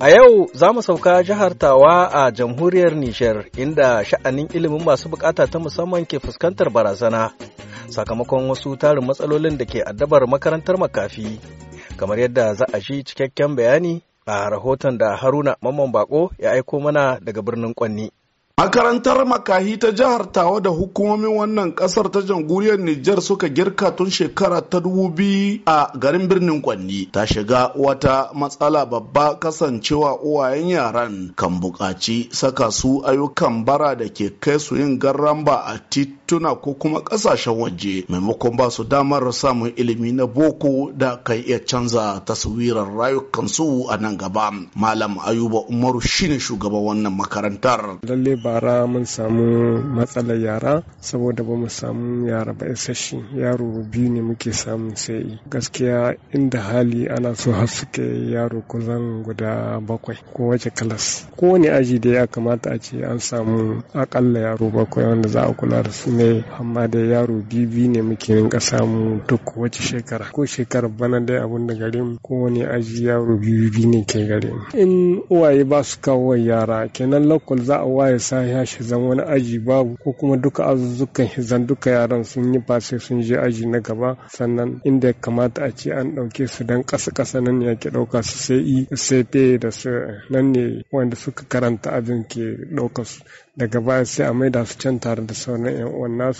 A yau za mu sauka jihar Tawa a jamhuriyar Nijar inda sha'anin ilimin masu bukata ta musamman ke fuskantar barazana sakamakon wasu tarin matsalolin da ke addabar makarantar makafi. Kamar yadda za a shi cikakken bayani a rahoton da Haruna Mamman Bako ya aiko mana daga birnin Kwanni. Makarantar makahi ta jihar Tawa da hukumomin wannan kasar ta jamhuriyar Nijar suka girka tun shekara ta dubu biyu a garin birnin Kwanni ta shiga wata matsala babba kasancewa uwayen yaran kan bukaci saka su ayyukan bara da ke kai su yin garamba a titi tituna ko kuma ƙasashen waje maimakon ba su damar samun ilimi na boko da kan iya canza taswirar rayukansu a nan gaba malam ayuba umaru shine shugaban wannan makarantar lalle bara mun samu matsalar yara saboda ba mu samu yara ba isasshe yaro biyu ne muke samu sai gaskiya inda hali ana so har suke yaro kusan guda bakwai ko wace kalas kowane aji da ya kamata a ce an samu akalla yaro bakwai wanda za a kula da su ne amma da yaro bibi ne muke rinka samu duk wace shekara ko shekarar bana dai abun da gare mu wani aji yaro bibi ne ke gare mu in uwaye ba su kawo yara kenan lokal za a waye sa ya shi zan wani aji babu ko kuma duka azuzzukan zan duka yaran sun yi ba sun je aji na gaba sannan inda ya kamata a ce an ɗauke su dan kasa-kasa nan ya ke ɗauka su sai i e, sai pe da su nan ne wanda suka karanta abin ke ɗaukasu. su daga baya sai a maida su can tare da sauran 'yan uwa wannan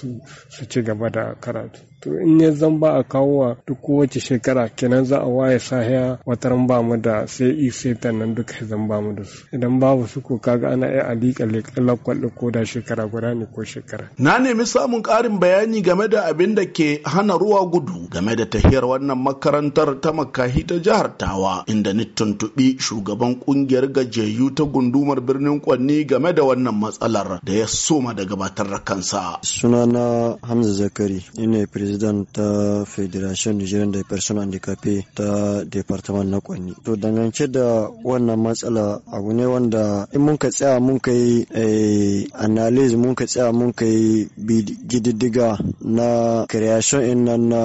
su ci gaba da karatu to in ya zan ba a kawo wa duk kowace shekara kenan za a waye sahiya wataran ba mu da sai i sai nan duka zan ba mu da su idan babu su ko kaga ana iya alika lakwal ko da shekara guda ne ko shekara na nemi samun karin bayani game da abin da ke hana ruwa gudu game da tahiyar wannan makarantar ta makahi ta jihar tawa inda ni tuntubi shugaban kungiyar gajeyu ta gundumar birnin kwanni game da wannan matsalar da ya soma da gabatar da kansa sunana hamza zakari ina president ta federation nigerian da person handicapé ta departament na kwanni to dangance da wannan matsala abu ne wanda in mun ka tsaya mun yi eh, analyze mun ka tsaya mun ka yi gididdiga na creation in nan na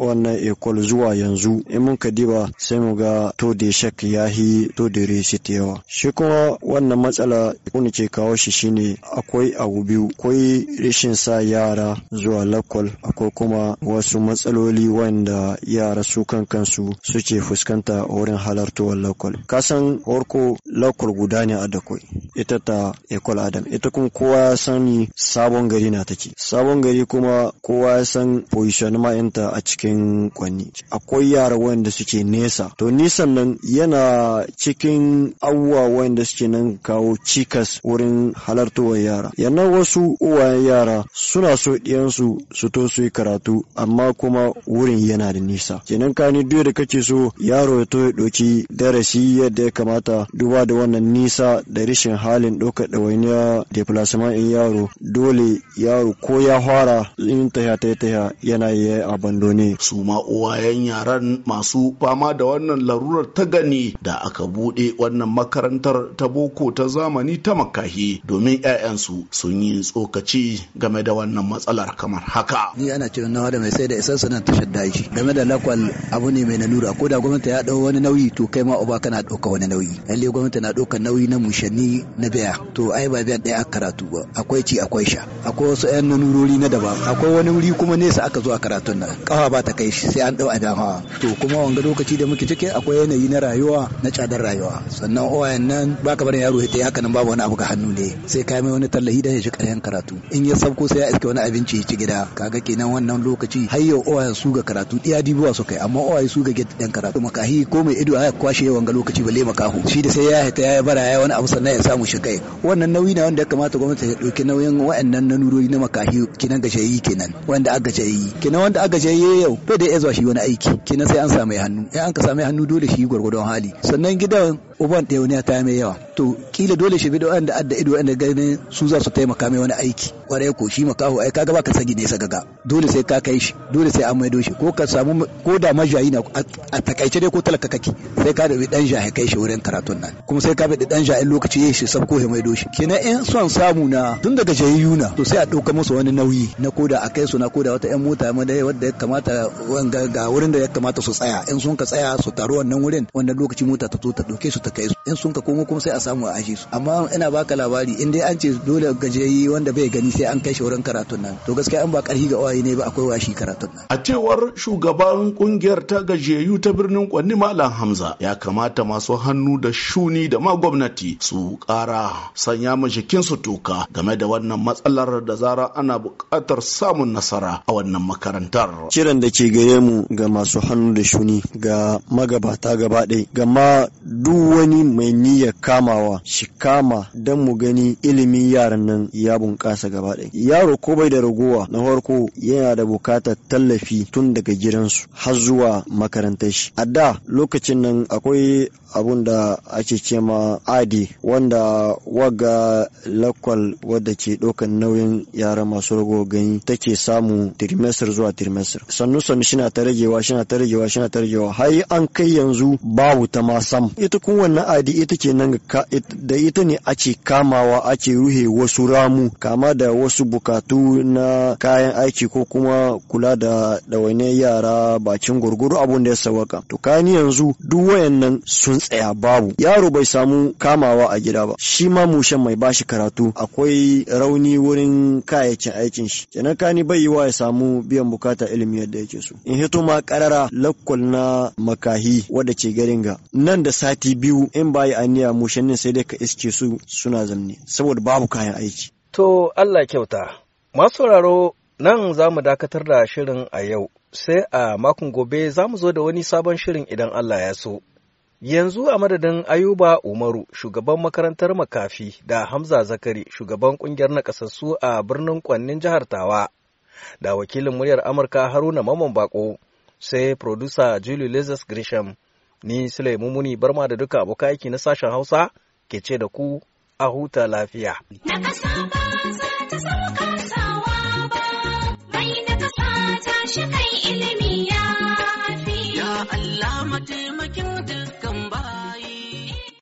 wannan ecole zuwa yanzu in mun ka diba sai mu ga to da shak yahi to da resit yawa shi kuma wannan matsala kuni ke kawo shi shine akwai abu biyu akwai rashin sa yara zuwa lakwal akwai kuma kuma wasu matsaloli wanda yara su kan kansu suke fuskanta wurin halartowar lokal kasan orko lokal guda ne a dakwai ita ta ekol adam ita kuma kowa ya sani sabon gari na take sabon gari kuma kowa ya san position ma'inta a cikin kwanni akwai yara wanda suke nesa to nisan nan yana cikin abubuwa wanda suke nan kawo cikas wurin halartowar yara yana wasu uwayen yara suna so ɗiyansu su to su yi karatu karatu amma kuma wurin yana da nisa kenan ka ni duk da kake so yaro ya to ya ɗauki darasi yadda ya kamata duba da wannan nisa da rishin halin ɗaukar ɗawainiya da in yaro dole yaro ko ya fara in taya ta taya yana yi abandone su ma uwayen yaran masu fama da wannan larurar ta gani da aka buɗe wannan makarantar ta boko ta zamani ta makahi domin 'ya'yansu sun yi tsokaci game da wannan matsalar kamar haka ni ana kiran nawa da mai sai da isansu ta shadda shi game da lakwal abu ne mai lalura ko da gwamnati ya dau wani nauyi to kai ma uba kana dauka wani nauyi lalle gwamnati na dauka nauyi na mushanni na biya to ai ba biyan daya aka karatu ba akwai ci akwai sha akwai wasu ƴan nanurori na daban akwai wani wuri kuma nesa aka zo a karatun nan kafa ba ta kai shi sai an dau a hawa to kuma wanga lokaci da muke ciki akwai yanayi na rayuwa na tsadar rayuwa sannan oyan nan baka bar yaro ya haka nan babu wani abu ga hannu ne sai kai mai wani tallahi da ya ji karatu in ya sabko sai ya iske wani abinci ya ci gida kaga kenan wannan lokaci har yau owayen su ga karatu iya dibuwa su kai amma owaye su ga get dan karatu makahi ko mai ido aya kwashe yawan ga lokaci balle makahu shi da sai ya hita ya bara ya wani abu sannan ya samu shi kai wannan nauyi na wanda ya kamata gwamnati ta dauki nauyin wa'annan na nurori na makahi kinan yi kenan wanda aka jayi kenan wanda aka yi yau bai da ya zuwa shi wani aiki kenan sai an samu hannu ya an ka samu hannu dole shi gwargwadon hali sannan gidan uban ɗaya ne ta mai yawa to kila dole shi bi da wanda adda ido wanda ganin su za su taimaka mai wani aiki kwarai ko shi makaho ai kaga baka sagi nesa gaga dole sai ka kai shi dole sai an maido shi ko ka samu ko da majayi na a takaice dai ko talaka kake sai ka dabi dan jahi kai shi wurin karatun nan kuma sai ka bi dan jahi lokaci yayi shi sabko ya maido shi kenan in son samu na tun daga jahiyu na to sai a dauka musu wani nauyi na koda a kai su na koda wata yan mota ma dai wanda ya kamata wanga ga wurin da ya kamata su tsaya in sun ka tsaya su taru wannan wurin wannan lokaci mota ta zo ta dauke su ta kai su in sun ka komo kuma sai a samu a ajiye su amma ina baka labari in dai an ce dole gajeyi wanda bai gani sai an kai shi wurin karatun nan to gaskiya an ba karhi ga waye ne ba akwai washi karatun nan a cewar shugaban kungiyar ta gajeyu ta birnin Kwanni Malam Hamza ya kamata masu hannu da shuni da ma gwamnati su kara sanya mashikin su toka game da wannan matsalar da zara ana bukatar samun nasara a wannan makarantar kiran da ke gare mu ga masu hannu da shuni ga magabata gaba ɗaya gama duk wani mai niyyar kamawa shi kama don mu gani ilimin yaran nan ya bunƙasa gaba faɗi yaro ko bai da ragowa na farko yana da bukatar tallafi tun daga gidansu har zuwa makarantar shi a da lokacin nan akwai abun da ake cema ma adi wanda waga lakwal wadda ke ɗaukar nauyin yara masu rago gani take samu trimester zuwa trimester sannu sannu shina ta ragewa shina ta ragewa shina ta ragewa har an kai yanzu babu ta ma sam ita kun wannan adi ita ke nan da ita ne ake kamawa ake ruhe wasu ramu kama da wasu bukatu na kayan aiki ko kuma kula da ɗawainiyar yara bakin gurguru abun da ya sawaka to kani yanzu duk wayannan sun tsaya babu yaro bai samu kamawa a gida ba shi ma mushen mai bashi karatu akwai rauni wurin kayayyakin aikin shi kenan kani bai yi wa ya samu biyan bukata ilimi yadda yake so in hito ma karara lakkol na makahi wadda ce garin ga nan da sati biyu in ba yi aniya mushen sai dai ka iske su suna zanne saboda babu kayan aiki To Allah kyauta, masu sauraro nan za mu dakatar da shirin a yau, sai a makon gobe za mu zo da wani sabon shirin idan Allah ya so. Yanzu a madadin Ayuba Umaru, shugaban makarantar makafi da Hamza Zakari, shugaban kungiyar nakasassu a birnin Kwannin jihar Tawa, da wakilin muryar Amurka Haruna Maman Bako, sai produsa Julie Lizas Grisham, ni Sulaimu Muni Barma da duka abokan aiki na sashen Hausa ke ce da ku a huta lafiya. na kasa ta shi ilimi.